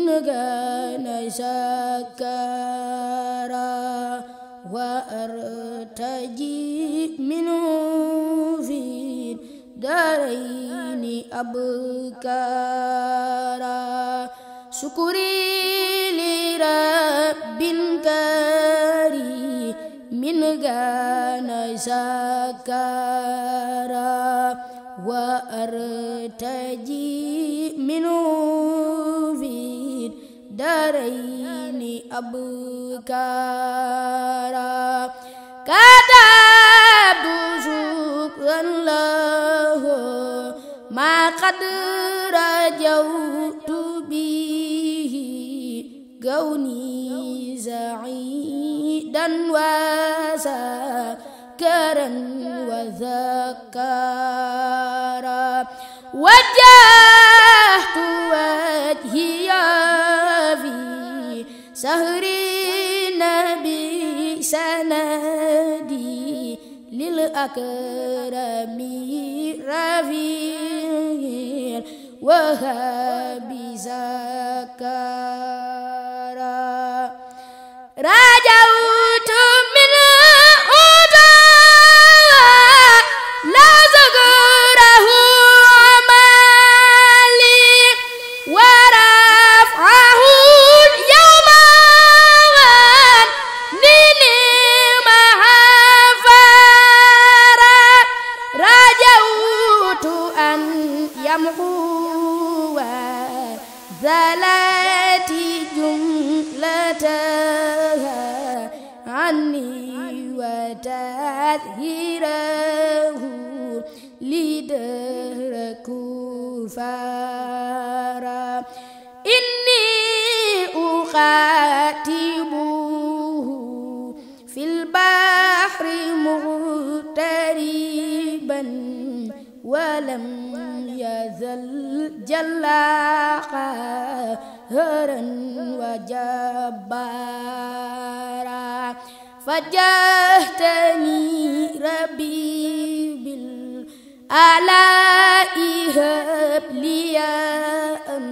من كان شكارا وأرتجي منه في دارين أبكارا شكري لرب كريم من كان شكارا وأرتجي منه الدارين أبكارا كتبت شكرا له ما قد رجوت به كوني سعيدا وسكرا وذكارا وجهت وجهي sahri nabi sanadi lil akrami rafi wahabi zaka جلا قاهرا وجبارا فجاهتني ربي بالآلاء هب لي أن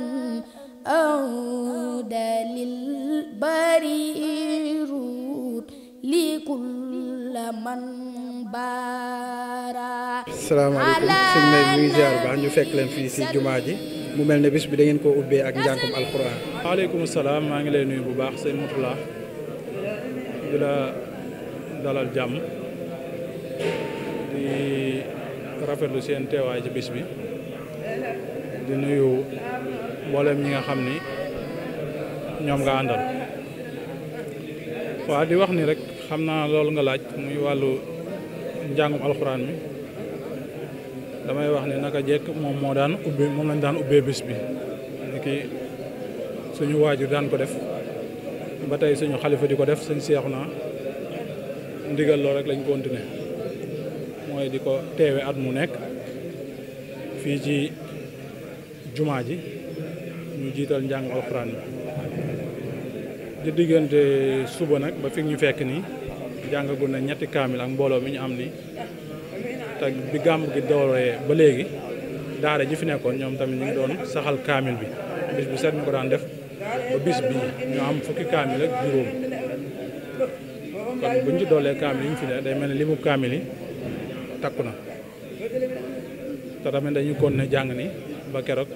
أعود للبرير لكل salaamaaleykum sëñ Mbaye mi ngi ziar baax ñu fekk leen fii si jumaa ji mu mel ne bis bi da ngeen koo ubbee ak njàngum alquran. waaleykum salaam maa ngi lay nuyu bu baax sëñ Moutalla di la dalal jàmm di rafetlu seen teewaay ci bis bi di nuyu mboolem ñi nga xam ni ñoom nga àndal. waa di wax ni rek xam naa loolu nga laaj muy wàllu njàngum alxuraan mi damay wax ne naka jekk moom moo daan ubbi moom lañ daan ubbee bis bi ki suñu waajur daan ko def ba tey suñu xalifa di ko def suñ seexu naa ndigal loolu rek lañ continuer mooy di ko teewe at mu nekk fii ci jumaa ji ñu jiital njàng alxuraan bi di diggante suba nag ba fi ñu fekk nii jàngagul na ñetti kaamil ak mbooloo mi ñu am nii te bi gàmm gi dooree ba léegi daara ji fi nekkoon ñoom tamit ñu doon saxal kaamil bi bis bu set ñu ko daan def ba bis bi ñu am fukki kaamil ak juróom kon buñ ci doolee kaamil yi ñu fi ne day mel ni limu kaamil yi takku na te tamit dañu kon ne jàng ni ba keroog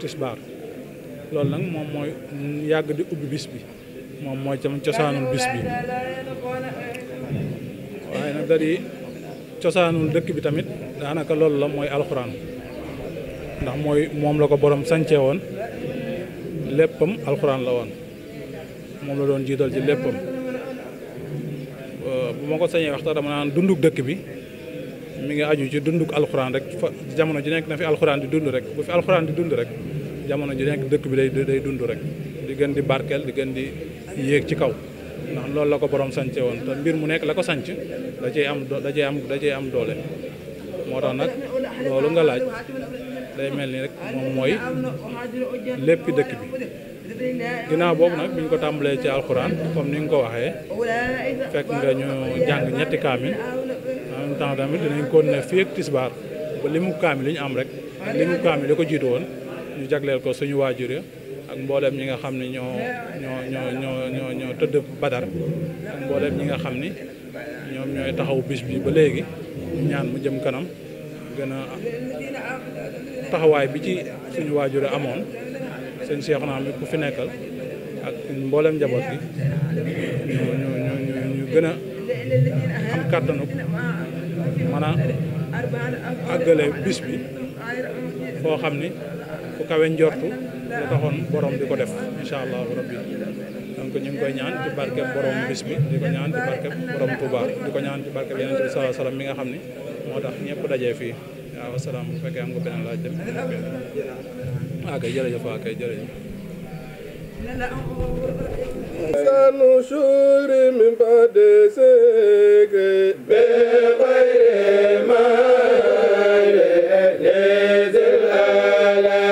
tisbaar loolu nag moom mooy yàgg di ubbi bis bi moom mooy tam cosaanul bis bi waaye nag da cosaanul dëkk bi tamit daanaka loolu la mooy alxuraan ndax mooy moom la ko borom sañcee woon léppam alxuraan la woon moom la doon jiital ci léppam euh, bu ma ko sañee waxtaan dama naan dunduk dëkk bi mi ngi aju ci dunduk alxuraan rek fa jamono ji nekk na fi alxuraan di dund rek bu fi alxuraan di dund rek jamono ji nekk dëkk bi day day dund rek di gën di barkeel di gën di yéeg ci kaw ndax loolu la ko borom sance woon te mbir mu nekk la ko sanc da cey am da am da cey am doole moo tax nag loolu nga laaj day mel ni rek moom mooy lépp dëkk bi ginnaaw boobu nag biñ ko tàmbalee ci alxuraan comme ni nga ko waxee fekk nga ñu jàng ñetti kaamil en même temps tamit dinañ ko ne fii ak tisbaar li mu kaamil li ñu am rek li mu kaamil li ko jiitu woon ñu jagleel ko suñu waajur ya ak mbooleem ñi nga xam ne ñoo ñoo ñoo ñoo tëdd badar ak mbooleem ñi nga xam ni ñoom ñooy taxaw bis bi ba léegi ñu ñaan mu jëm kanam gën a taxawaay bi ci suñu waajur amoon seen Cheikh naa mi ku fi nekkal ak mbooleem njaboot yi ñu ñu ñu ñu gën a am kàttanu mën àggale bis bi foo xam ni bu kawe njortu la taxoon borom di ko def incha allahu rabbi donc ñu ngi koy ñaan ci barkeb borom bis bi di ko ñaan ci barkeb borom Touba di ko ñaan ci barkeb yeneen bi salaa salaam mi nga xam ne moo tax ñëpp dajee fii waaw salaam bu fekkee am nga beneen laaj dem ah kay jërëjëf waaw ah, kay jërëjëf سنشور من بعد سيك بغير ما لذي الألم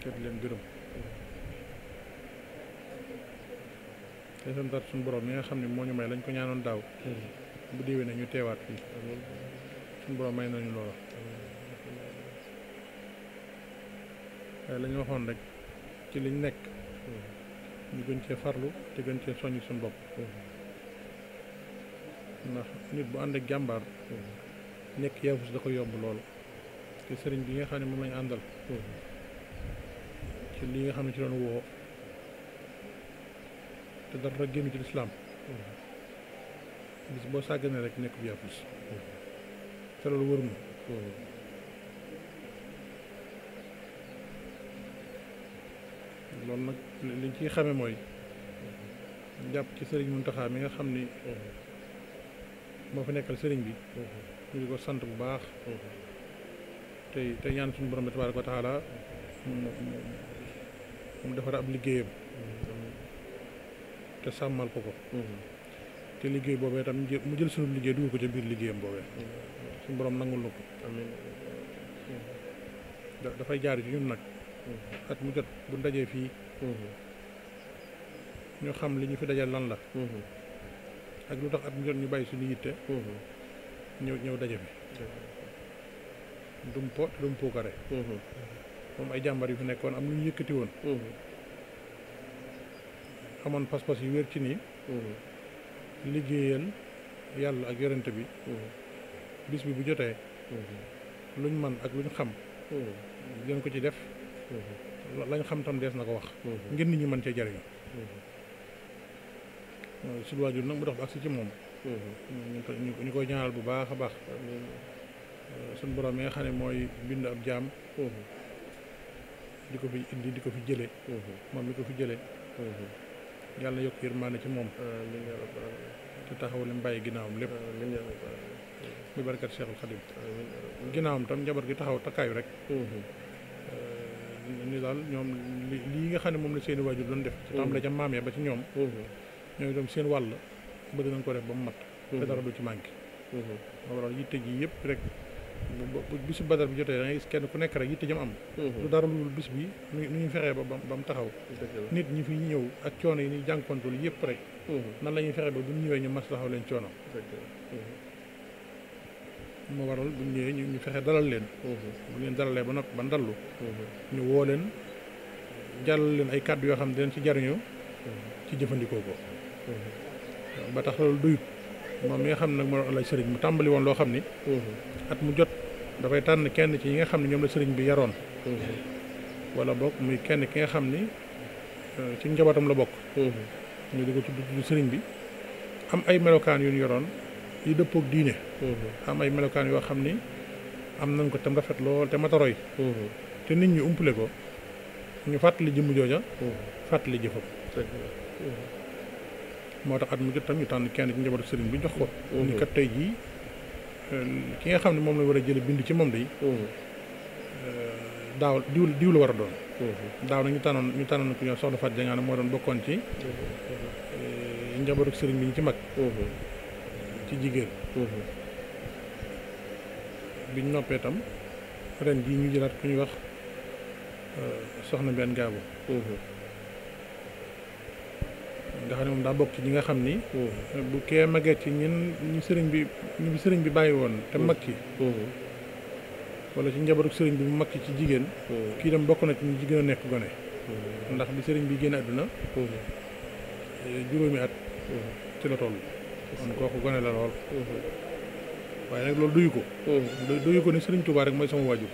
te leen gërëm te santaat suñu borom mi nga xam ne moo ñu may lañ ko ñaanoon daaw bu déwee na teewaat fii suñu borom may nañu loola waaye lañu waxoon rek ci liñ nekk ñu gën cee farlu te gën cee soññ suñ bopp ndax nit bu ànd jàmbaar nekk yaafus da ko yomb loolu te sëriñ bi nga xam ne moom lañu àndal ci lii nga xam ne ci doon woo te dara génn ci lislaam bis boo sàgganee rek nekk bi yàppus te loolu wër loolu nag liñ ciy xame mooy jàpp ci sëriñ Muntaxa mi nga xam ni moo fa nekkal sëriñ bi ñu di ko sant bu baax te tey ñaan suñu borom bi tabaaraka wa taala mu defar ab liggéeyam te sàmmal ko ko te liggéey boobee tam mu jël sunu liggéey dugal ko ca biir liggéeyam boobee suñu borom nangul na dafay jaar ci ñun nag at mu jot bu dajee fii ñu xam li ñu fi dajal lan la ak lu tax at mu jot ñu bàyyi suñu yitte ñëw ñëw daje fi dumpo dumpoo kare moom ay jàmbar yi fi nekkoon am lu ñu yëkkati woon mm-hmm. amoon pas-pas yu wér ci nii mm-hmm. liggéeyal yàlla ak yorente bi mm-hmm. bis bi bu jotee luñ man ak luñ xam dinañ ko ci def lañ xam tam dees na ko wax ngir nit ñi mën cee jariñ suñu waajur nag mu dox ba agsi ci moom mm, ñu koy ñaanal bu baax a baax suñu borom yi nga xam ne mooy bind ab jaam di ko fi indi di ko fi jëlee. Mhm. moom mi ko fi jëlee. Mhm. yàlla yokk yërmaane ci moom. te taxaw li mu bàyyi ginnaawam lépp. muy barkat Cheikhul Khadim. ginnaawam tam njaboot gi taxaw takkaayu rek. Mhm. ni daal ñoom lii nga xam ne moom la seeni waajur doon def. ci tam la ca maam ba ci ñoom. ñooy doom seen wàll bëgg nañ ko def ba mu mat. te dara du ci manqué. moo waral yitte ji yëpp rek. bisu badar bi jotee da gis kenn ku nekk rek yitte jëm am lu mhm. dara lu dul bis bi nu ñu fexee ba ba mu taxaw nit ñi fi ñëw ak coono yi ñuy jànkontul yëpp rek mhm. nan la ñuy fexee ba bu ñu ñëwee ñu maslaxaw leen coono mhm. moo waral bu ñëwee ñu fexe dalal leen bu leen dalalee ba noppi ba ndallu ñu woo leen jàll leen ay kàddu yoo xam ne dinañ ci jariñoo ci jëfandikoo ko ba tax loolu doyut moom mi nga xam ne nag moo doon alaaj sëriñ mu tàmbali woon loo xam ni at mu jot dafay tànn kenn ci ñi nga xam ne ñoom la sëriñ bi yaroon wala bokk muy kenn ki nga xam ni euh, ci njabootam la bokk ñu di ko tudd sëriñ bi am ay melokaan yu ñu yoroon yi dëppoog diine am ay melokaan yoo xam ni am nañ ko tam rafet lool te mataroy te nit ñu umpule ko ñu fàttali jëmm jooja fàttali jëfam moo tax at mu jot tam ñu tànn kenn ci njabootu sëriñ bi jox ko. ñu mm-hmm. kat tey jii euh, ki nga xam ne moom la war a jëlee bindu ci moom day. Mm-hmm. Euh, daaw diw diw la war a doon. Mm-hmm. daaw nag ñu tànnoon ñu na ku ñoo soxna Fatou Dieng moo doon bokkoon ci. Euh, njabootu sëriñ bi ñu ci ci jigéen. biñ noppee tam ren jii ñu jëlaat ñuy wax soxna benn gaabo. nga ne moom daa bokk ci ñi nga xam ni bu kee magee ci ñun ñu sëriñ bi ñu sëriñ bi bàyyi woon te mag ki wala ci njabootu sëriñ bi mu mag ki ci jigéen kii dem bokk na ci ñu jigéen nekk gone ndax bi sëriñ bi génn àdduna juróomi at ci la tool kon kooku gone la lool waaye nag loolu duyu ko duyu ko ni sëriñ Tuubaa rek mooy sama waaju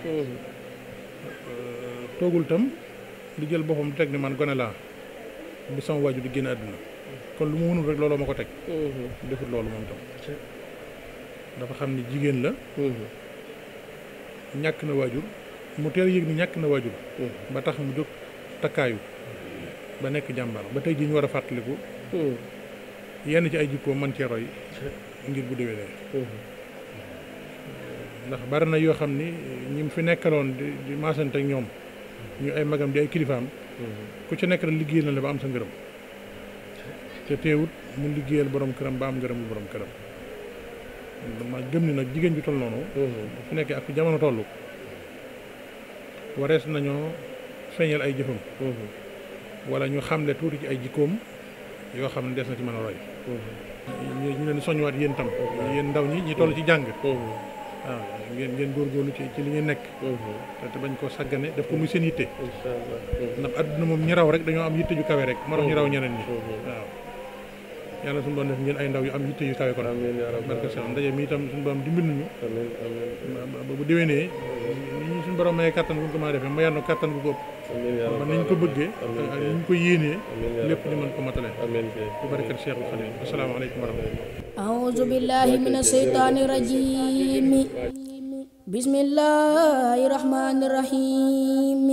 toogul tam di jël boppam teg ni man gone laa bi sama waajur di génn àdduna kon lu mu mënul rek looloo ma ko teg mm-hmm. defut loolu moom tam dafa xam ni jigéen la mm-hmm. ñàkk na waajur mu teel yëg ni ñàkk na waajur mm-hmm. ba tax mu jóg takkaayu ba nekk jàmbar ba tey jii ñu war a fàttaliku yenn ci ay jikkoo man cee roy ngir bu déwénee ndax bari na yoo xam ni ñu fi nekkaloon di di maasante ñoom ñu ay magam di ay kilifaam ku ci nekk rek liggéey na la ba am sa ngërëm te teewut mu liggéeyal borom këram ba am ngërëm lu borom këram ma gëm ni nag jigéen ju toll noonu su nekkee ak jamono toll warees nañoo feeñal ay jëfam wala ñu xamle tuuti ci ay jikkoom yoo xam ne des na ci mën a roy ñu leen soñwaat yéen tam yéen ndaw ñi ñi toll ci jàng waaw ngeen ngeen góorgóorlu ci ci li ngeen nekk mhm. te te bañ koo saggane def ko muy seen yitte mhm. ndax adduna moom ñi raw rek dañoo am yitte ju kawe rek moo tax ñu raw mhm. ñeneen ñi waaw yàlla suñu doon def ngeen ay ndaw yu am yitte yu kawe kon barke seen ndaje mi itam ni ñu suñu borom mayee kattan bu ko mën a defee ma yàlla kattan bu ko ëpp ba niñ ko bëggee ak niñ ko yéenee lépp ñu mën ko matale bu barkat Cheikh Xadim asalaamaaleykum wa rahmatulah aouzu billahi mina sheytaani rajim bismillaahi rahmaani rahiim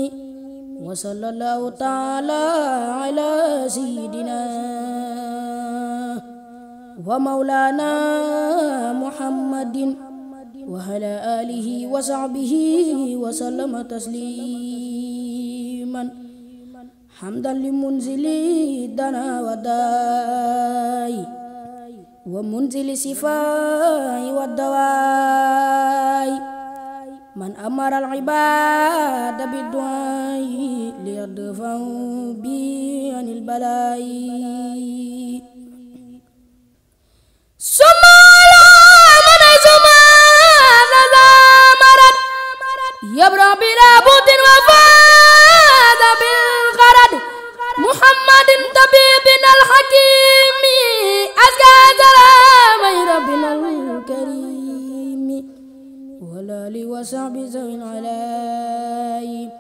wa sallallaahu taalaa alaa sayyidinaa wa mawlaanaa muhammadin wa alaa aalihi wa sahbihi wa sallama tasliiman hamdan li munzili danaa wa daay ومنزل الشفاء والدواء من أمر العباد بالدعاء ليدفع بي عن البلاء ثم لا من زما لا مرض يبرأ بلا بد وفاد بالغرض محمد طبيبنا الحكيم آل وصحب ذوي العلاي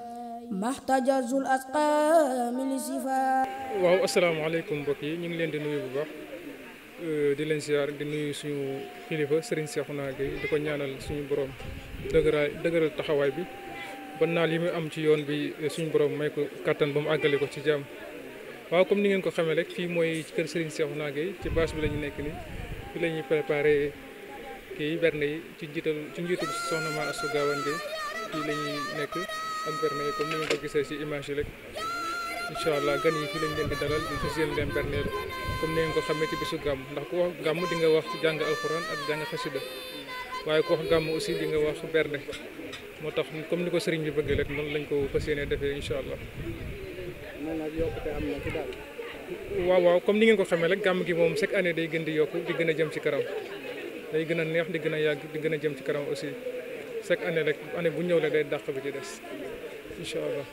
ما احتجز الأسقام waaw asalaamaaleykum mbokk yi ñu ngi leen di nuyu bu baax di leen ziar di nuyu suñu kilifa Serigne Cheikhouna Gueye di ko ñaanal suñu borom dëgëraay dëgëral taxawaay bi ba naal yi muy am ci yoon bi suñu borom may ko kattan ba mu àggale ko ci jàmm waaw comme ni ngeen ko xamee rek fii mooy kër Serigne Cheikhouna Gueye ci bâche bi la ñu nekk nii fi la ñuy kii berne yi ci njiital ci njiitul soxna Ma Astou Gawane fii la ñuy nekk ak berne yi comme ni nga ko gisee si image yi rek incha allah gan yi fii lañ leen di dalal di seen leen berneel comme ni nga ko xamee ci bisu gàmm ndax ku wax gàmm di nga wax jàng alxuraan ak jàng xasida waaye ku wax aussi di nga wax berne moo tax comme ni ko sëriñ bi bëggee rek noonu lañ ko fas yéenee defee incha allah. waaw waaw comme ni ngeen ko xamee rek gàmm gi moom chaque année day gën di yokku di gën a jëm ci kanam. day gën a neex di gën a yàgg di gën a jëm ci kanam aussi chaque année rek année bu ñëw rek day dàq bi ci des incha allah.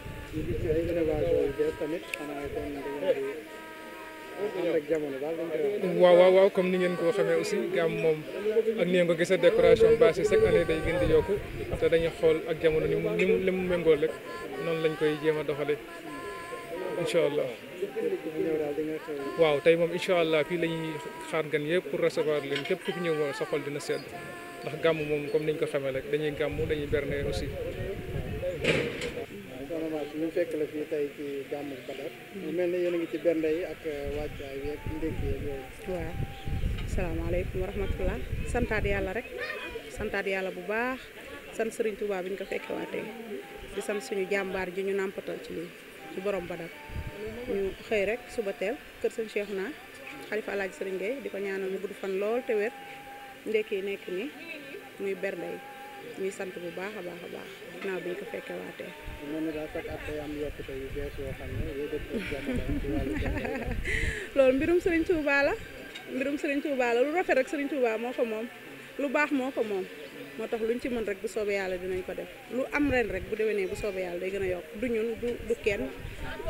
waaw waaw waaw comme ni ngeen ko xamee aussi gàmm moom ak ni ngeen ko gisee décoration bâche yi chaque année day gën di yokku te dañuy xool ak jamono ni mu ni mu li rek noonu lañ koy jéem a doxalee. incha allah waaw tey moom incha allah fii la ñuy xaar gan yëpp pour recevoir leen képp ku fi ñëw moom sa xol dina sedd ndax gàmm moom comme niñ ko xamee rek dañuy gàmm dañuy berne aussi. ñu fekk la fii tey ci gàmmu Badar mel ne yéen a ngi ci bernde yi ak wàccaay bi ak ndékki yeeg yooyu. waaw asalaamaaleykum wa santaat yàlla rek santaat yàlla bu baax sant Serigne Touba bi ñu ko fekkee waatee di sant suñu jàmbaar ji ñu nàmpatal ci lii ci borom Badar. ñu xëy rek suba teel kër sëñ Cheikh naa xalifa laaj sëriñ Gueye di ko ñaanal mu gudd fan lool te wér ndekki nekk ni muy bernde yi ñuy sant bu baax a baax a baax ginnaaw bi ñu ko fekkee waatee. loolu mbirum Serigne Touba la mbirum Serigne Touba la lu rafet rek Serigne Touba moo fa moom lu baax moo ko moom. moo tax luñ ci mën rek bu soobee yàlla dinañ ko def lu am ren rek bu déwénee bu soobee yàlla day gën a yokk du ñun du du kenn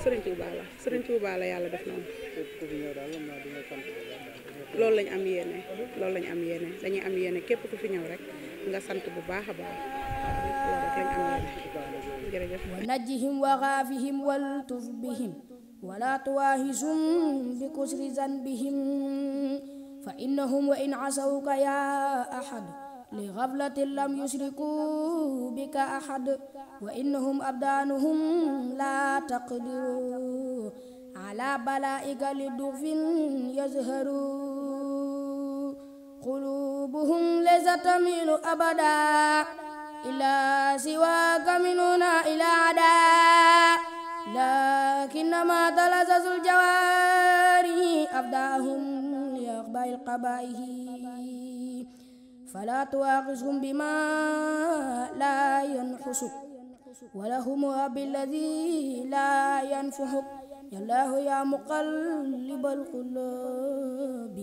Serigne Touba la Serigne Touba la yàlla def noonu. loolu lañ am yéene loolu lañ am yéene dañuy am yéene képp ku fi ñëw rek nga sant bu baax a baax loolu rek lañ am yéene wa najjihim wa xaafihim wal tuf bihim wala tuwahisum bi kusri zanbihim fa innahum wa in asawka ya ahad li xaflatin lam yusriku bika ahad wa innahum abdaanuhum la taqdiru ala balaika li duxfin yazharu qulubuhum laysa tamilu abada ila siwaka minuna ila ada lakinama talazazu ljawari abdaahum li axbai lqabaihi فلا تواخذهم بما لا ينقصك ولا هم بالذي لا ينفعك يا الله يا مقلب القلوب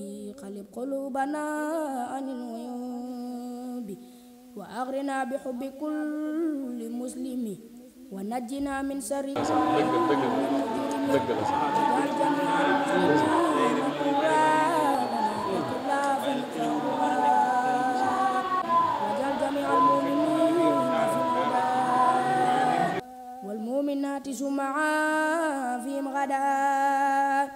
قلب قلوبنا عن الغيوب وأغرنا بحب كل مسلم ونجنا من شر كل مجرم الجنة سمعا فيهم غدا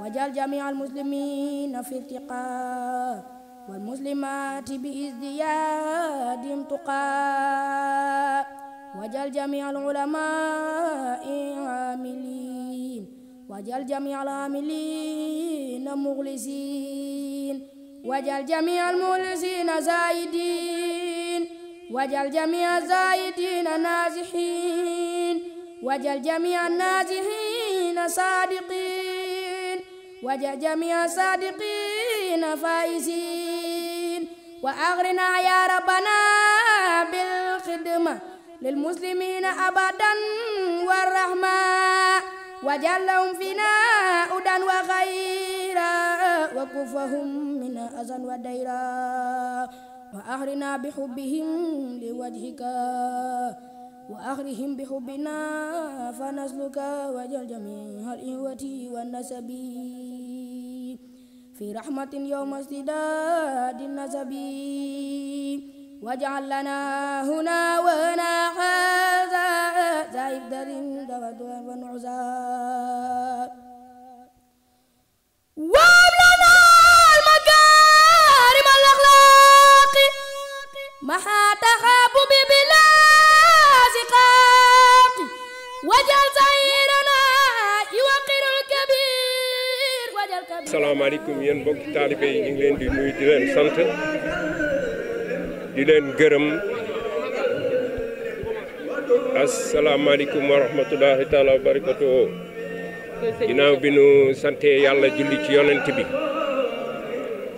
وجعل جميع المسلمين في ارتقاء والمسلمات بإزديادهم تقاء وجعل جميع العلماء عاملين وجعل جميع العاملين مخلصين وجعل جميع المخلصين زايدين وجعل جميع الزايدين نازحين wajal jami'a naajihina saadiqin wajal jami'a saadiqina faa'iziin wa aghnina ya rabbana bil khidma lil muslimina abadan wa rahma wajal lahum fina udan wa khayra wa kufahum min azan wa dayra wa aghnina bi hubbihim li wajhika وأخرهم بحبنا فنسلك وجل جميع الإخوة والنسب في رحمة يوم ازداد النسب واجعل لنا هنا وهنا هذا زائد تودع ونعزى محا asalaamaaleykum yéen mbokki taalibe yi ñu ngi leen di nuyu di leen sant di leen gërëm asalaamaaleykum wa rahmatulahi taala wa barakatuhu ginnaaw bi nu sante yàlla julli ci yonent bi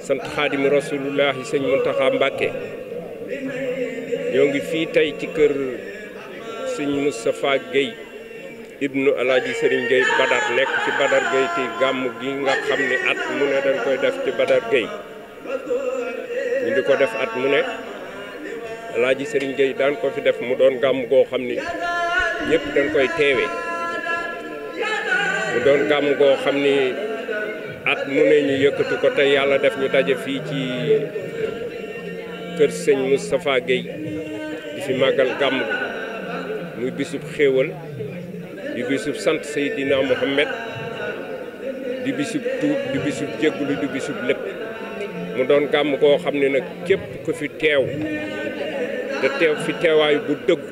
sant xaadimu rasulullahi sëñ Muntaxa Mbàkke ñoo ngi fii tey ci kër sëñ Moustapha Guèye ibnu alaaji sëriñ Gueye Badar nekk ci Badar Gueye ci gàmm gi nga xam ni at mu ne dañ koy def ci Badar Gueye ñu di ko def at mu ne alaaji sëriñ Gueye daan ko fi def mu doon gàmm goo xam ni ñépp dañ koy teewe mu doon gàmm goo xam ni at mu ne ñu yëkkatu ko te yàlla def ñu daje fii ci kër sëñ Moustapha Gueye di fi màggal gàmm gi muy bisub xéewal di bisub sant Seydina Muhammad di bisub tuub di bisub jégglu di bisub lépp mu doon gàmm koo xam ne nag képp ku fi teew te teew fi teewaay bu dëgg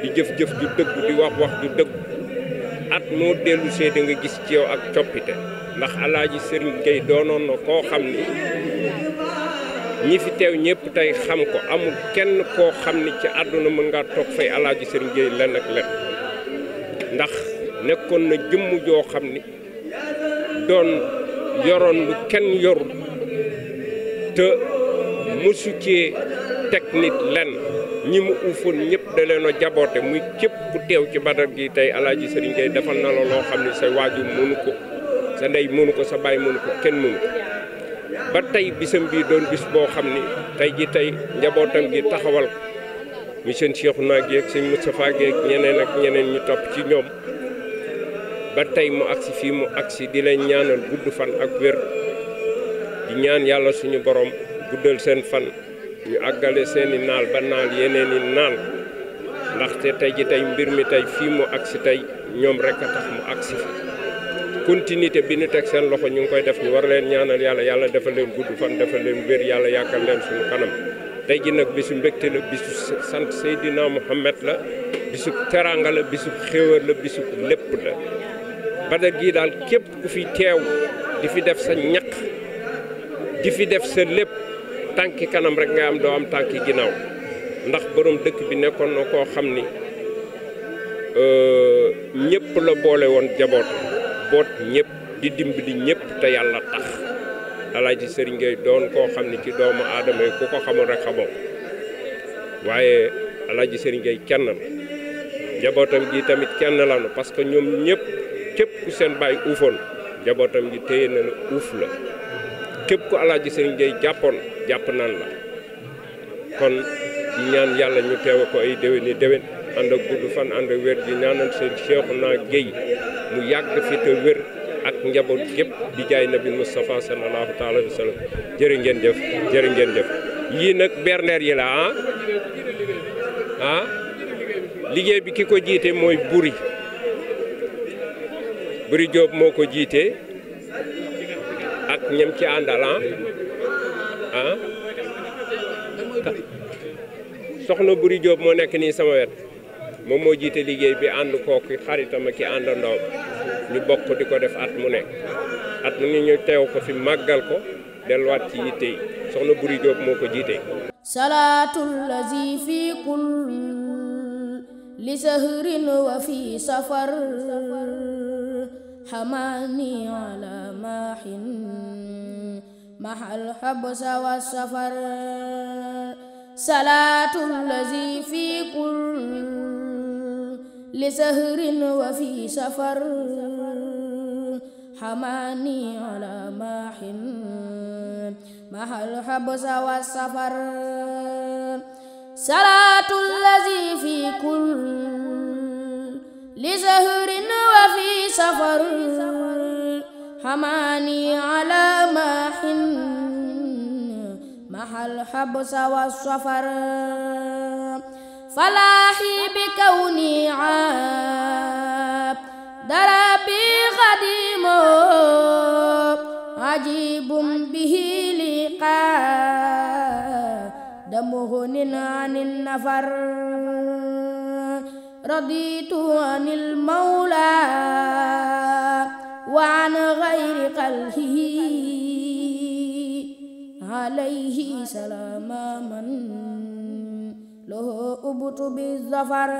di jëf-jëf ju dëggu di wax wax ju dëgg at moo dellu see gis ci yow ak coppite ndax alaaji sëriñ Gueye doonoon na koo xam ni ñi fi teew ñëpp tey xam ko amul kenn koo xam ni ci àdduna mën ngaa toog fay alaaji sëriñ Gueye lenn ak lenn ndax nekkoon na jëmm joo xam ni doon yoroon lu kenn yorul te mësu cee teg nit lenn ñi mu uufoon ñëpp da leen a jaboote muy képp teew ci badar gi tey alaaji sëriñ Gueye defal na la loo xam ni sa waajur mënu ko sa ndey mënu ko sa baay mënu ko kenn mënu ko ba tey bisam bii doon bis boo xam ni tey ji tey njabootam gi taxawal muy seen Cheikhouna ak seen Moustapha ak ñeneen ak ñeneen ñu topp ci ñoom ba tey mu agsi fii mu agsi di leen ñaanal gudd fan ak wér di ñaan yàlla suñu boroom guddal seen fan ñu àggale seeni naal ba naal yeneen i naal ndaxte tey ji tey mbir mi tey fii mu agsi tey ñoom rek a tax mu agsi fi continuité bi ñu teg seen loxo ñu ngi koy def ñu war leen ñaanal yàlla yàlla defal leen gudd fan defal leen wér yàlla yàkkal leen suñu kanam tey ji nag bisu mbégte la bisu sant Seydina Muhammad la bisu teraanga la bisu xéwal la bisu lépp la Badar gii daal képp ku fi teew di fi def sa ñaq di fi def sa lépp tànki kanam rek nga am doo am tànki ginnaaw ndax boroom dëkk bi nekkoon na koo xam ni euh, ñëpp la boole woon jaboot boot ñëpp di dimbali ñëpp te yàlla tax alaaji Serigne Gueye doon koo xam ne ci doomu aadama yi ku ko xamul rek xamoo waaye alaaji Serigne Gueye kenn la njabootam gi tamit kenn lanu parce que ñoom ñëpp képp ku seen bàyyi uufoon njabootam gi téye na ne uuf la képp ku alaaji Serigne Gueye jàppoon jàpp nan la kon di ñaan yàlla ñu teew ko ay déwéni déwén ànd ak gudd fan ànd ak wér di ñaanal seen Cheikhouna Gueye mu yàgg fi te wér ak njaboot gépp di jaay nabil Moustapha sallallahu taala wa sallam jërë ngeen jëf jërë yii nag berneer yi la ah ah liggéey bi ki ko jiite mooy buri buri Diop moo ko jiite ak ñem ci àndal ah, ah? soxna buri jóob moo nekk nii sama wet moom moo jiite liggéey bi ànd kooku xaritam ak ki àndandoo ñu bokk di ko def at mu nekk at mu ne ñu teew ko fi màggal ko delluwaat ci yitte yi soxna Buri Jóob moo ko jiite salaatul lazi fi kul li sahrin wa fi safar xamaani ala maaxin maxal xabsa wa safar li sahrin wa fi safar xamaani ala maaxin mahal xabsa wa safar salaatu lazi fi kul li sahrin wa fi safar xamaani ala maaxin mahal xabsa wa safar صلاحي بكوني عاب دربي قديم عجيب به لقاء دمغن عن النفر رضيت عن المولى وعن غير قلبه عليه سلام من أبت بالظفر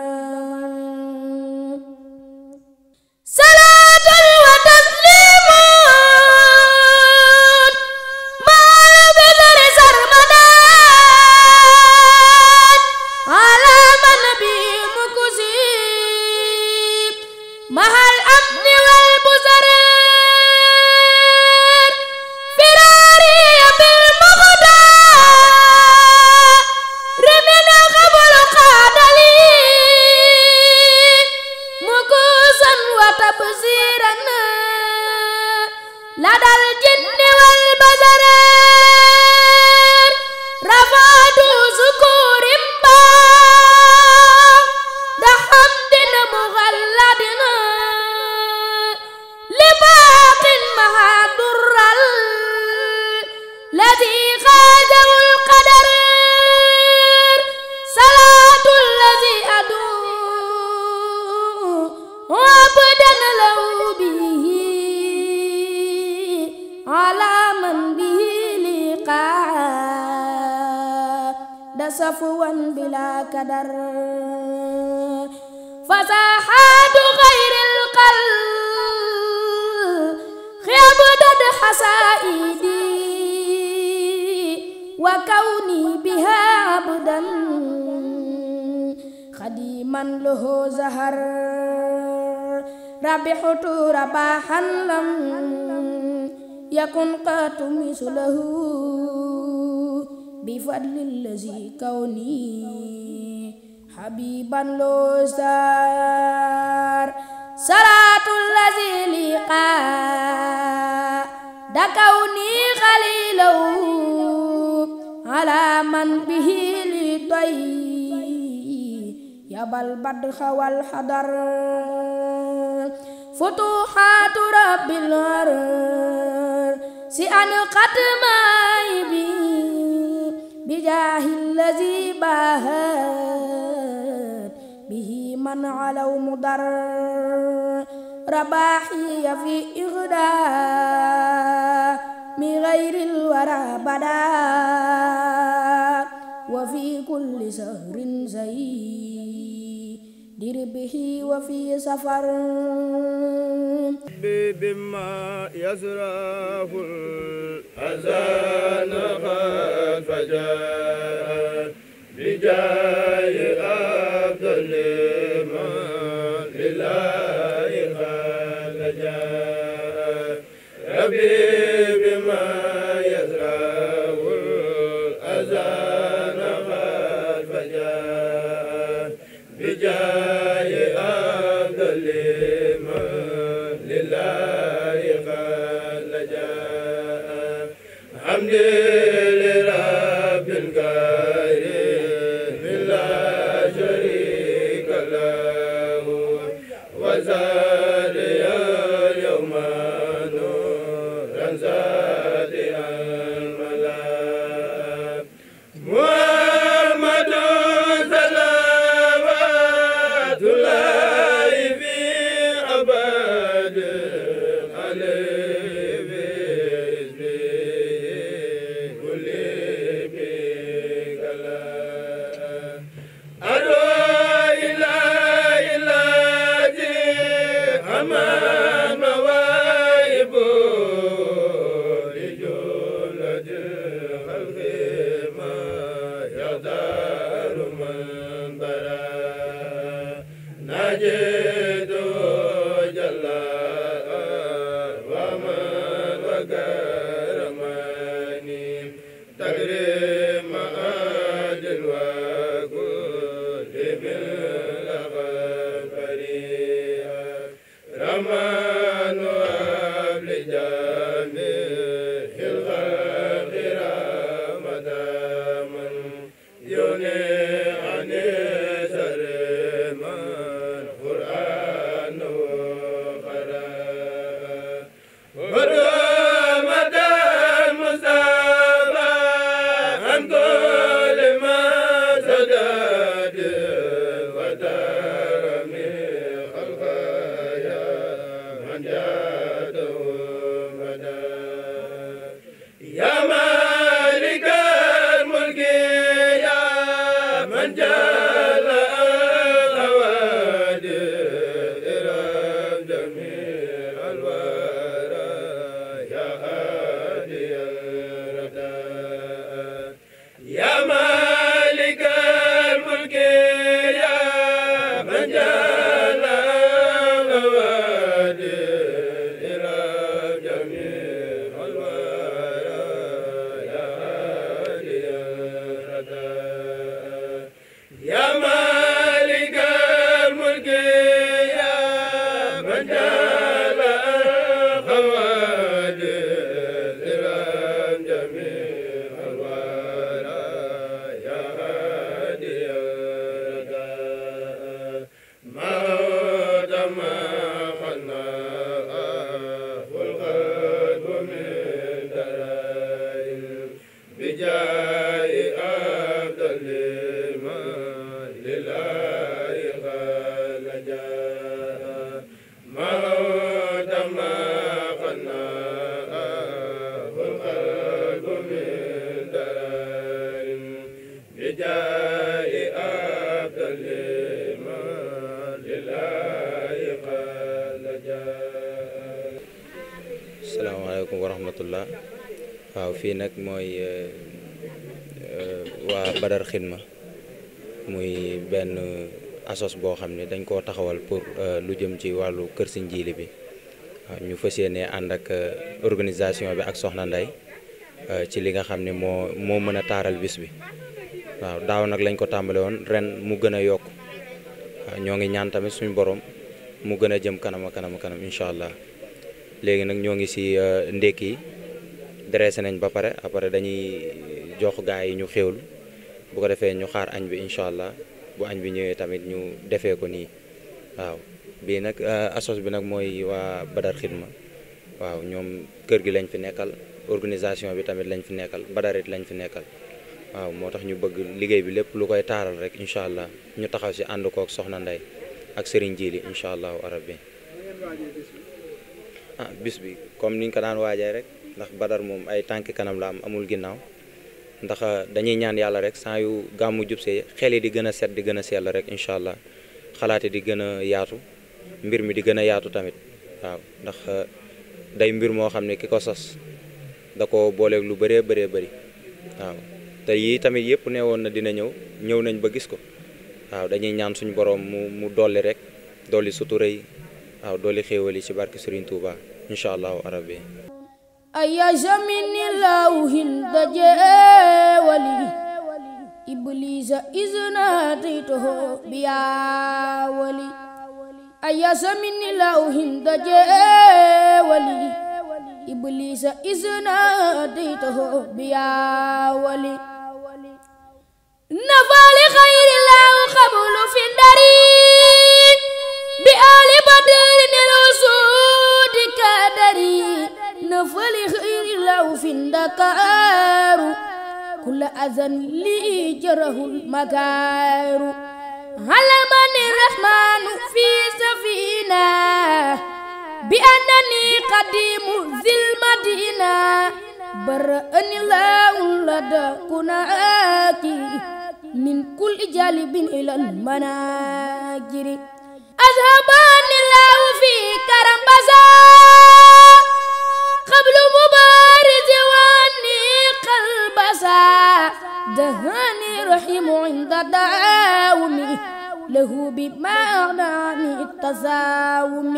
له زهر ربحت رباحا لم يكن قط مثله بفضل الذي كوني حبيبا له سار صلاة الذي لقاء دا كوني خليله على من به لطيب nabal badxa wal xadar futuxaatu rabbil harar si an qat maay bi bi jaahi lazi baahat bihi man alaw mudar rabaaxi ya fi ighdaa mi ghayril waraa badaa wa fi kulli sahrin zayd لربه وفي سفر بما يزراه الأذان قد فجاء بجاه عبد لمن لله قد جاء ربي Seigneur asos boo xam ne dañ koo taxawal pour euh, lu jëm ci wàllu kër si njiili bi euh, ñu fas yéene ànd ak euh, organisation bi ak Soxna ndey ci li nga xam ni moo moo mën a taaral bis bi waaw daaw nag lañ ko tàmbale woon ren mu gën a yokk ñoo ngi ñaan tamit suñu borom mu gën a jëm kanam a kanam a allah léegi nag ñoo ngi si ndékki yi dressé nañ ba pare après dañuy jox gaay yi ñu xéwlu bu ko defee ñu xaar añ bi incha allah bu añ bi ñëwee tamit ñu defee ko nii waaw bii nag euh, asos bi nag mooy waa Badar Xidma waaw ñoom kër gi lañ fi nekkal organisation bi tamit lañ fi nekkal badarit lañ fi nekkal waaw moo tax ñu bëgg liggéey bi lépp lu koy taaral rek incha allah ñu taxaw si ànd kook soxna Ndey ak Serigne Jili incha allahu bi ah bis bi comme niñ ko daan waajee rek ndax Badar moom ay tànk kanam la am amul ginnaaw ndax euh, dañuy ñaan yàlla rek saa yu gàmmu jub see xel yi di gën a set di gën a rek incha allah xalaat di gën a yaatu mbir mi di gën a yaatu tamit waaw ndax euh, day mbir moo xam ne ki ko sos da ko booleeg lu bëree bëree bari waaw te yii tamit yëpp ne woon na dina ñëw ñëw nañ ba gis ko waaw dañuy ñaan suñu boroom mu mu dolli rek dolli sutu yi waaw dolli xéewal yi ci barke Serigne Touba incha allahu arabi إبليس إذ ناديته بيا ولي أياس من لوح دجا ولي إبليس إذ ناديته بيا ولي نفى لخير الله قبل في الدري بآل بدر الأسود كدري نفى لخير الله في الدكار كل أذن لي جره المكار علمني الرحمن في سفينة بأنني قديم ذي المدينة برأني الله لدى كناكي من كل جالب إلى المناكر أذهبني الله في كرم بزار قبل مبارز وعلى العسى دهاني رحيم عند داومي له بمعنى التزاوم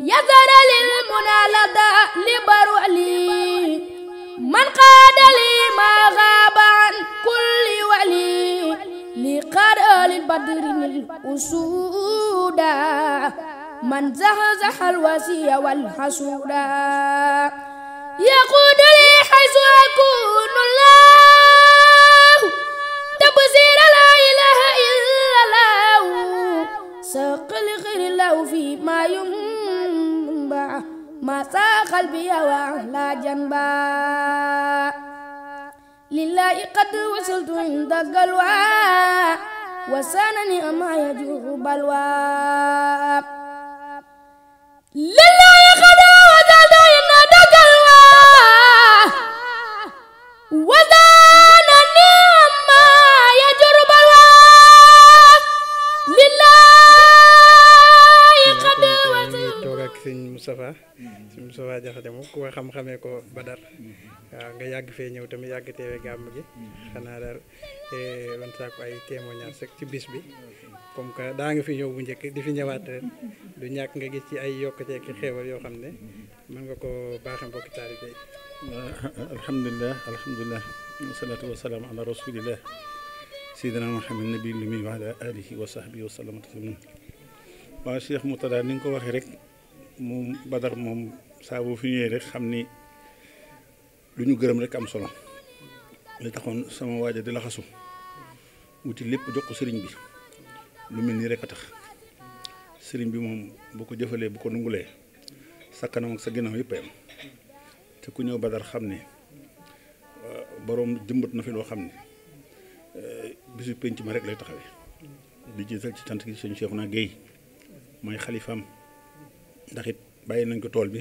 يزر للمنى لدى لبرولي من قاد لي ما غاب عن كل ولي لقرى للبدر الأسودا من زهزح الوسي والحسودا يقود لي حيث أكون الله تبصير لا إله إلا الله ساق لغير الله فيما ينبع ما ساق قلبي وأعلى جنبا لله قد وصلت عند القلوى وسانني أما يجوب بلوى لله قد sëñ Moustapha sëñ Moustapha Diakhaté moom ko xam-xamee ko Badar waaw nga yàgg fee ñëw tamit yàgg teewee gàmm gi xanaa daal lan eh, saako ay témoignage rek ci bis bi comme que daa nga fi ñëw bu njëkk di fi ñëwaat ren du ñàkk nga gis ci ay yokkutee ki xeewal yoo xam ne mën nga ko baaxee mbokki taalibe yi alhamdulilah alhamdulilah wasalaatu wasalaam ala rasulillah seydina Muhammad nabi lu muy wa ala alihi wa sahbihi wa sallam ni nga ko waxee rek moom Badar moom saa boo fi ñëwee rek xam ni lu ñu gërëm rek am solo li taxoon sama waaja di laxasu wuti lépp jox ko sëriñ bi lu mel nii rek a tax sëriñ bi moom bu ko jëfalee bu ko nungulee sa kanam ak sa ginnaaw yëpp yam te ku ñëw Badar xam ne euh, boroom jëmbët na fi loo xam ne euh, bisu penc ma rek lay taxawee di jiital ci cant gi sëñ Cheikhouna Guèye mooy xalifaam ndax it bàyyi nañ ko tool bi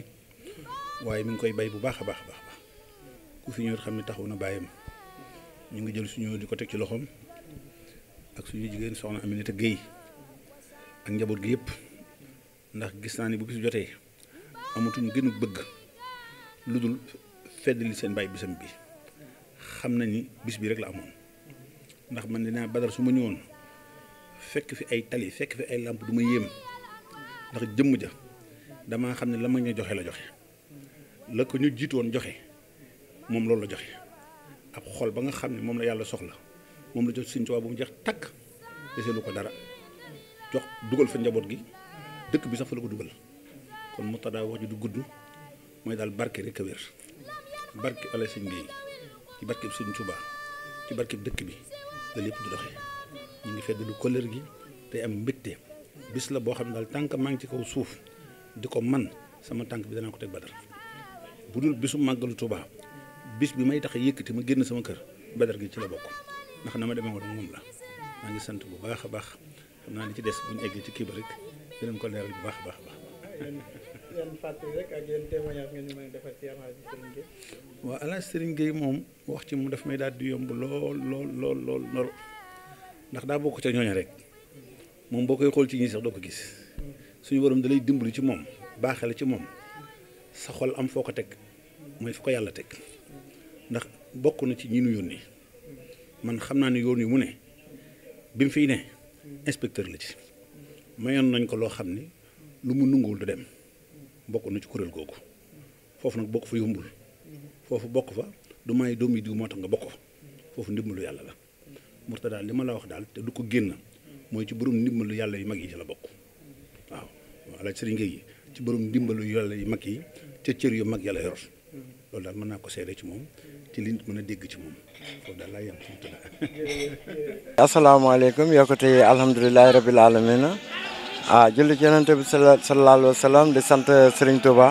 waaye mi ngi koy bay bu baax a baax a baax ku fi ñëw xam ne taxaw na bàyyam ñu ngi jël suñu di ko teg ci loxoom ak suñu jigéen soxna Aminata Guèye ak njaboot gi yëpp ndax gis naa ni bu bis jotee amatuñ gën bëgg lu dul feddali seen bàyyi bisam bi xam na ni bis bi rek la amoon ndax man dinaa badar su ma ñëwoon fekk fi ay tali fekk fi ay làmp du ma yéem ndax jëmm ja damaa xam ne la ma ñu joxe la joxe la ko ñu jiitu woon joxe moom loolu la joxe ab xol ba nga xam ne moom la yàlla soxla moom la jox Sëriñ Tuubaa bu mu jeex takk desee lu ko dara jox dugal fa njaboot gi dëkk bi sax fa dugal kon mu tadaa wax ji du gudd mooy daal barke rek a wér barke ala sëñ bi ci barkeb Sëriñ Tuubaa ci barkeb dëkk bi la lépp di doxe ñu ngi fedd lu kóllër gi tey am mbégte bis la boo xam ne daal tànk maa ngi ci kaw suuf di ko man sama tànk bi danaa ko teg badar bu dul bisu màggalu Tuubaa bis bi may tax yëkkati ma génn sama kër badar gi ci la bokk ndax na ma demee woon moom la maa ngi sant bu baax a baax xam naa li ci des bu ci kii ba rek ko leeral bu baax a baax a baax. waaw El Hadj Serigne moom wax ci mu daf may daal di yomb lool lool lool lool ndax daa bokk ca ñooña rek moom boo koy xool ci ñi sax doo ko gis. suñu borom dalay lay dimbali ci moom baaxee la ci moom sa xol am foo ko teg mooy fu ko yàlla teg ndax bokk na ci ñi nu yónni man xam naa ne yoon yi mu ne bi mu fiy ne inspecteur la ci mayoon nañ ko loo xam ne lu mu nanguwul du dem bokk na ci kuréel googu foofu nag bokk fa yombul foofu bokk fa du may doom yi diw moo tax nga bokk fa foofu ndimbalu yàlla la daal li ma la wax daal te du ko génn mooy ci borom lu yàlla yu mag yi ci la bokk alaaj sëriñ Gueye yi ci borom ndimbalu yàlla yu mag yi ca cër yu mag yàlla yor loolu daal mën ko seede ci moom ci liñ mën a dégg la moom foofu daal laa yem fi mu tudd. asalaamaaleykum yokkute yi julli ci yonent bi sallallahu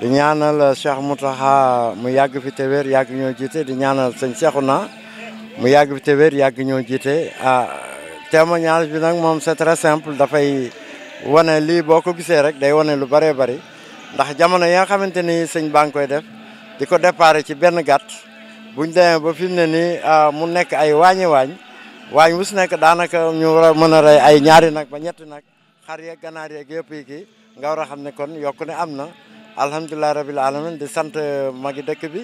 di ñaanal Cheikh Mountakha mu yàgg fi te wér yàgg ñoo jiite di ñaanal sëñ na mu yàgg fi te wér yàgg ñoo jiite ah témoignage bi moom c'est très simple dafay. wane lii boo ko gisee rek day wane lu bëree bëri ndax jamono yi nga xamante ni sëñ baa koy def di ko déparé ci benn gàtt buñ demee ba fi mu ne nii ah, mu nekk ay waañi waañ waañ bu su nekk daanaka ñu mën a rey ay ñaari nag ba ñetti nag xar yeeg ganaar yeeg yëpp yi kii nga war a xam ne kon yokku ne am na alhamdulilah rabil alamin di sant mag eh, magi dëkk bi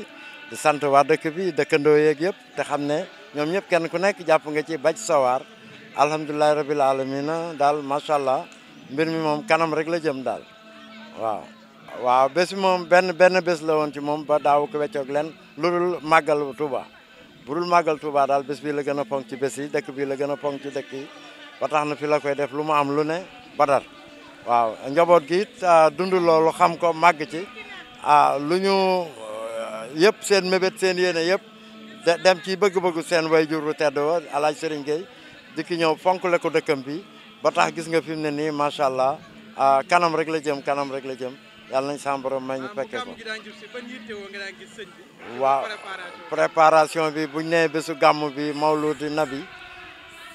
di sant waa dëkk bi dëkkandoo yeeg yëpp te xam ne ñoom ñëpp kenn ku nekk jàpp nga ci baj sawaar alhamdulilah rabil alamina daal macha allah mbir mi moom kanam rek la jëm daal waaw waaw bés bi moom benn benn bés la woon ci moom ba daaw ko weccoog leen lu dul màggal Touba bu dul màggal Touba daal bés bi la gën a poŋ ci bés yi dëkk bi la gën a ponk ci dëkk yi ba tax na fi la koy def lu mu am lu ne ba dar waaw njaboot gi it ah, dund loolu xam ko màgg ci ah, lu ñu eh, yëpp seen mébét seen yéene yëpp dem ci bëgg-bëggu seen way juru tedd wa alaaj Sëriñ Gueye dikki ñëw fonk le ko dëkkam bi ba tax gis nga fi mu ne nii macha allah ah, kanam rek la jëm kanam rek la jëm yal nañ sama borom may ñu fekke ko ah, waaw préparation bi buñ ne bésu gàmm bi mawludi nabi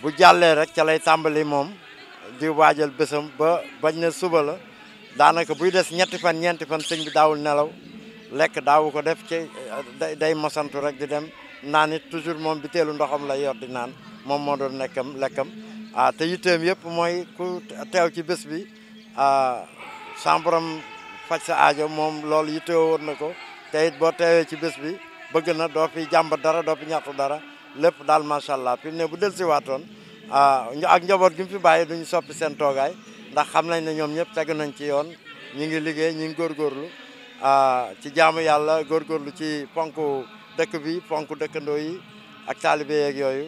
bu jàllee rek ca lay tàmbali moom di waajal bésam ba bañ ne suba la daanaka buy des ñetti fan ñeenti fan sëñ bi daawul nelaw lekk daawu ko def ci day masantu rek di dem naan it toujours moom bi teelu ndoxam la yor di naan moom moo doon nekkam lekkam ah te yitteem yëpp mooy ku teew ci bés bi ah samborom faj sa aajo moom loolu yittewoo woon na ko te it boo teewee ci bés bi bëgg na doo fi jàmbat dara doo fi ñaxtu dara lépp daal macha allah fi mu ne bu del si waatoon ah, ak njaboot gi mu fi bàyyi duñu soppi seen toogaay ndax xam nañ ne ñoom ñëpp tegu nañ ci yoon ñi ngi liggéey ñi ngi a ah, ci jaamu yàlla lu ci ponku dëkk bi ponku dëkkandoo yi ak taalibe yeeg yooyu